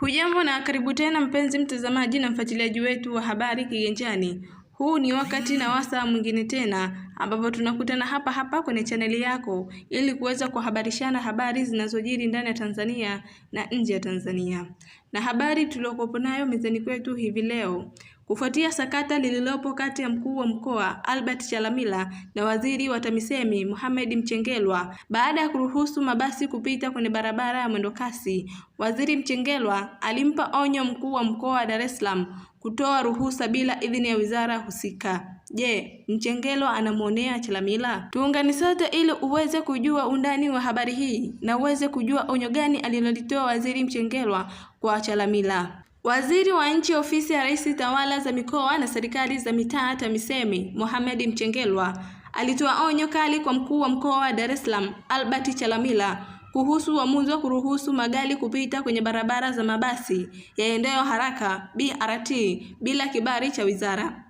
Hujambo na karibu tena mpenzi mtazamaji na mfuatiliaji wetu wa habari Kiganjani. Huu ni wakati na wasaa mwingine tena ambapo tunakutana hapa hapa kwenye chaneli yako ili kuweza kuhabarishana habari zinazojiri ndani ya Tanzania na nje ya Tanzania. Na habari tuliokuwepo nayo mezani kwetu hivi leo kufuatia sakata lililopo kati ya mkuu wa mkoa Albert Chalamila na waziri wa TAMISEMI Mohamed mchengelwa baada ya kuruhusu mabasi kupita kwenye barabara ya mwendokasi, waziri mchengelwa alimpa onyo mkuu wa mkoa wa Dar es Salaam kutoa ruhusa bila idhini ya wizara husika. Je, Mchengelo anamwonea Chalamila? Tuungane sote ili uweze kujua undani wa habari hii na uweze kujua onyo gani alilolitoa Waziri Mchengelwa kwa Chalamila. Waziri wa Nchi, Ofisi ya Rais, Tawala za Mikoa na Serikali za Mitaa, TAMISEMI, Mohamed Mchengelwa alitoa onyo kali kwa mkuu wa mkoa wa Dar es Salaam Albert Chalamila kuhusu uamuzi wa kuruhusu magari kupita kwenye barabara za mabasi yaendayo haraka BRT bila kibali cha wizara.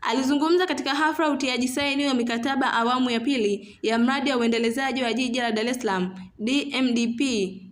Alizungumza katika hafla ya utiaji saini ya mikataba awamu ya pili ya mradi wa uendelezaji wa jiji la Dar es Salaam DMDP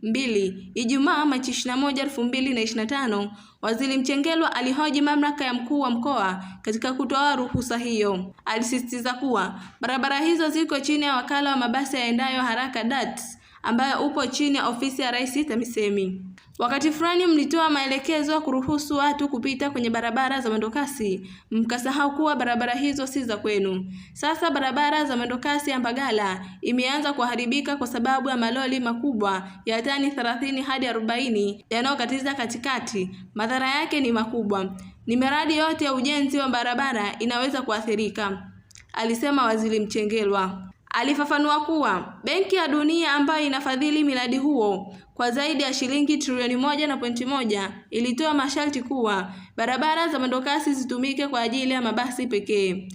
2 Ijumaa Machi 21, 2025. Waziri mchengelwa alihoji mamlaka ya mkuu wa mkoa katika kutoa ruhusa hiyo. Alisisitiza kuwa barabara hizo ziko chini ya wakala wa mabasi yaendayo haraka DATS ambayo upo chini ya ofisi ya Rais TAMISEMI. Wakati fulani mlitoa maelekezo ya kuruhusu watu kupita kwenye barabara za mwendokasi, mkasahau kuwa barabara hizo si za kwenu. Sasa barabara za mwendokasi ya Mbagala imeanza kuharibika kwa sababu ya maloli makubwa ya tani 30 hadi 40 yanayokatiza katikati. Madhara yake ni makubwa, ni miradi yote ya ujenzi wa barabara inaweza kuathirika, alisema Waziri mchengelwa Alifafanua kuwa Benki ya Dunia ambayo inafadhili miradi huo kwa zaidi ya shilingi trilioni moja na pointi moja ilitoa masharti kuwa barabara za mwendokasi zitumike kwa ajili ya mabasi pekee.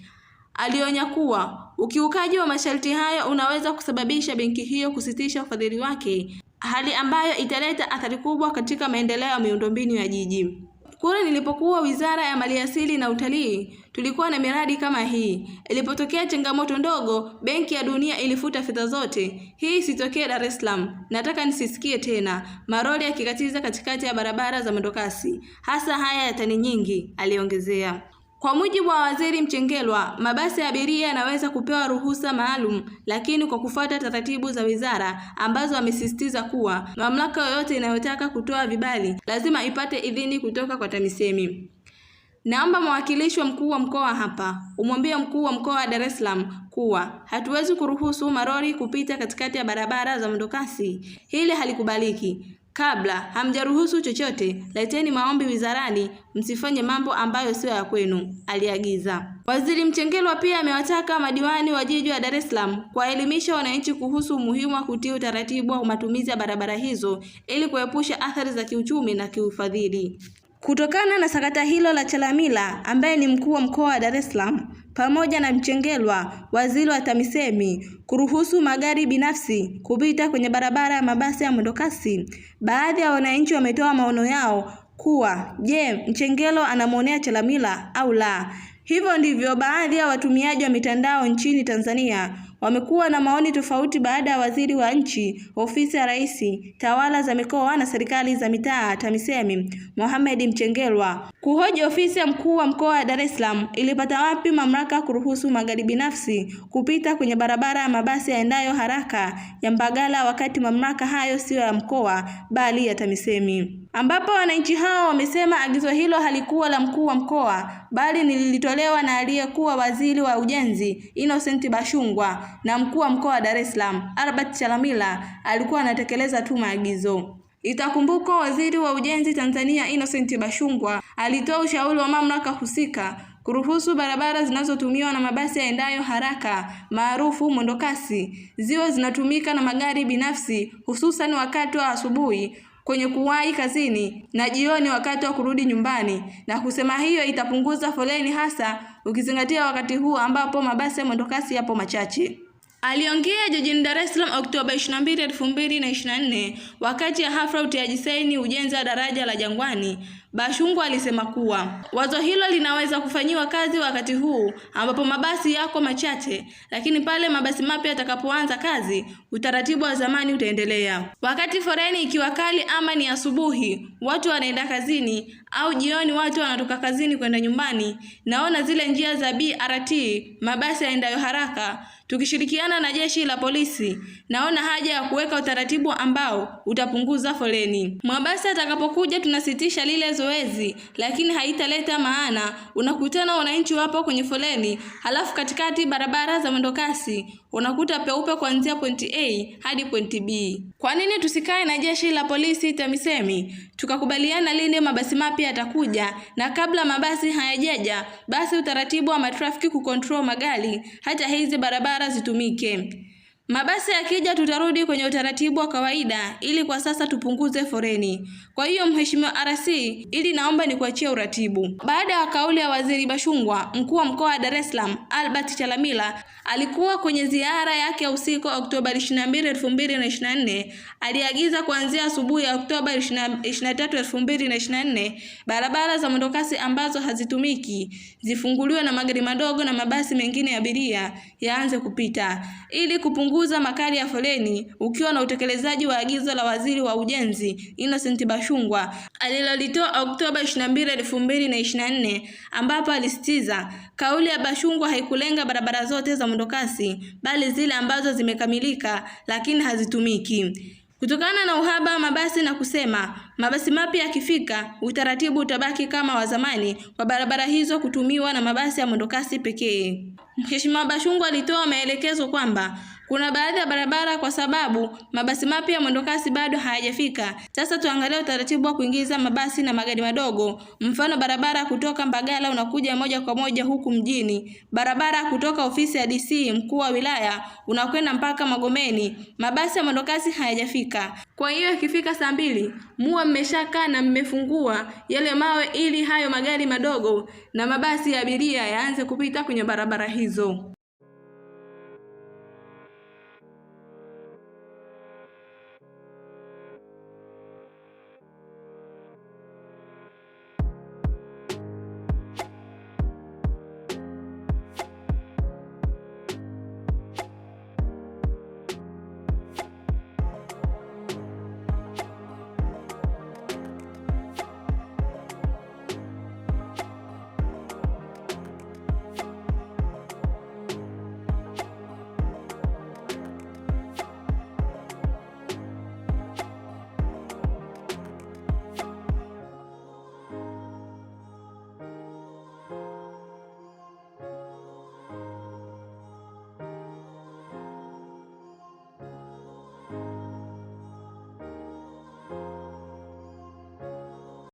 Alionya kuwa ukiukaji wa masharti hayo unaweza kusababisha benki hiyo kusitisha ufadhili wake, hali ambayo italeta athari kubwa katika maendeleo ya miundombinu ya jiji. Kule nilipokuwa Wizara ya Maliasili na Utalii, tulikuwa na miradi kama hii. Ilipotokea changamoto ndogo, Benki ya Dunia ilifuta fedha zote. Hii isitokee Dar es Salaam, nataka nisisikie tena. Maroli akikatiza katikati ya barabara za mwendokasi, hasa haya ya tani nyingi, aliongezea. Kwa mujibu wa Waziri mchengelwa mabasi ya abiria yanaweza kupewa ruhusa maalum, lakini kwa kufuata taratibu za wizara ambazo amesisitiza kuwa mamlaka yoyote inayotaka kutoa vibali lazima ipate idhini kutoka kwa TAMISEMI. Naomba mwakilishi wa mkuu wa mkoa hapa umwambie mkuu wa mkoa wa Dar es Salaam kuwa hatuwezi kuruhusu marori kupita katikati ya barabara za mwendokasi. Hili halikubaliki. Kabla hamjaruhusu chochote, leteni maombi wizarani, msifanye mambo ambayo siyo ya kwenu, aliagiza. Waziri mchengelwa pia amewataka madiwani wa jiji la Dar es Salaam kuwaelimisha wananchi kuhusu umuhimu wa kutii utaratibu wa matumizi ya barabara hizo ili kuepusha athari za kiuchumi na kiufadhili. Kutokana na sakata hilo la Chalamila ambaye ni mkuu wa mkoa wa Dar es Salaam pamoja na mchengelwa waziri wa TAMISEMI, kuruhusu magari binafsi kupita kwenye barabara ya mabasi ya mwendokasi. Baadhi ya wananchi wametoa maono yao kuwa je, Mchengelo anamwonea Chalamila au la? Hivyo ndivyo baadhi ya watumiaji wa mitandao nchini Tanzania wamekuwa na maoni tofauti baada ya waziri wa nchi ofisi ya Rais, tawala za mikoa na serikali za mitaa TAMISEMI Mohamed Mchengerwa kuhoji ofisi ya mkuu wa mkoa wa Dar es Salaam ilipata wapi mamlaka kuruhusu magari binafsi kupita kwenye barabara ya mabasi yaendayo haraka ya Mbagala wakati mamlaka hayo siyo ya mkoa bali ya TAMISEMI ambapo wananchi hao wamesema agizo hilo halikuwa la mkuu wa mkoa bali lilitolewa na aliyekuwa waziri wa ujenzi Innocent Bashungwa na mkuu wa mkoa wa Dar es Salaam Albert Chalamila alikuwa anatekeleza tu maagizo. Itakumbukwa waziri wa ujenzi Tanzania Innocent Bashungwa alitoa ushauri wa mamlaka husika kuruhusu barabara zinazotumiwa na mabasi yaendayo haraka maarufu mwendokasi ziwe zinatumika na magari binafsi hususan wakati wa asubuhi kwenye kuwahi kazini na jioni wakati wa kurudi nyumbani, na kusema hiyo itapunguza foleni, hasa ukizingatia wakati huu ambapo mabasi ya mwendokasi yapo machache. Aliongea jijini Dar es Salaam Oktoba 22, 2024 wakati ya hafla utiaji saini ujenzi wa daraja la Jangwani. Bashungwa alisema kuwa wazo hilo linaweza kufanyiwa kazi wakati huu ambapo mabasi yako machache, lakini pale mabasi mapya yatakapoanza kazi, utaratibu wa zamani utaendelea. Wakati foreni ikiwa kali, ama ni asubuhi watu wanaenda kazini au jioni watu wanatoka kazini kwenda nyumbani, naona zile njia za BRT mabasi yaendayo haraka, tukishirikiana na jeshi la polisi, naona haja ya kuweka utaratibu ambao utapunguza foleni. Mabasi atakapokuja tunasitisha lile zoezi lakini haitaleta maana. Unakutana wananchi wapo kwenye foleni, halafu katikati barabara za mwendokasi unakuta peupe kuanzia pointi A hadi pointi B. Kwa nini tusikae na jeshi la polisi TAMISEMI tukakubaliana lini mabasi mapya yatakuja? Na kabla mabasi hayajaja, basi utaratibu wa matrafiki kukontrol magari hata hizi barabara zitumike. Mabasi yakija tutarudi kwenye utaratibu wa kawaida, ili kwa sasa tupunguze foreni. Kwa hiyo Mheshimiwa RC, ili naomba nikuachie uratibu. Baada ya kauli ya Waziri Bashungwa, mkuu wa mkoa wa Dar es Salaam Albert Chalamila alikuwa kwenye ziara yake ya usiku Oktoba 22, 2024, aliagiza kuanzia asubuhi ya Oktoba 23, 2024, barabara za mwendokasi ambazo hazitumiki zifunguliwe na magari madogo na mabasi mengine ya abiria yaanze kupita ili kupunguza kupunguza makali ya foleni ukiwa na utekelezaji wa agizo la Waziri wa Ujenzi Innocent Bashungwa alilolitoa Oktoba 22, 2024 ambapo alisitiza kauli ya Bashungwa haikulenga barabara zote za mwendokasi bali zile ambazo zimekamilika lakini hazitumiki kutokana na uhaba wa mabasi na kusema mabasi mapya yakifika, utaratibu utabaki kama wa zamani kwa barabara hizo kutumiwa na mabasi ya mwendokasi pekee. Mheshimiwa Bashungwa alitoa maelekezo kwamba kuna baadhi ya barabara kwa sababu mabasi mapya mwendokasi bado hayajafika. Sasa tuangalie utaratibu wa kuingiza mabasi na magari madogo. Mfano, barabara kutoka Mbagala unakuja moja kwa moja huku mjini, barabara kutoka ofisi ya DC mkuu wa wilaya unakwenda mpaka Magomeni. Mabasi ya mwendokasi hayajafika, kwa hiyo ikifika saa mbili muwe mmeshakaa na mmefungua yale mawe, ili hayo magari madogo na mabasi ya abiria yaanze kupita kwenye barabara hizo.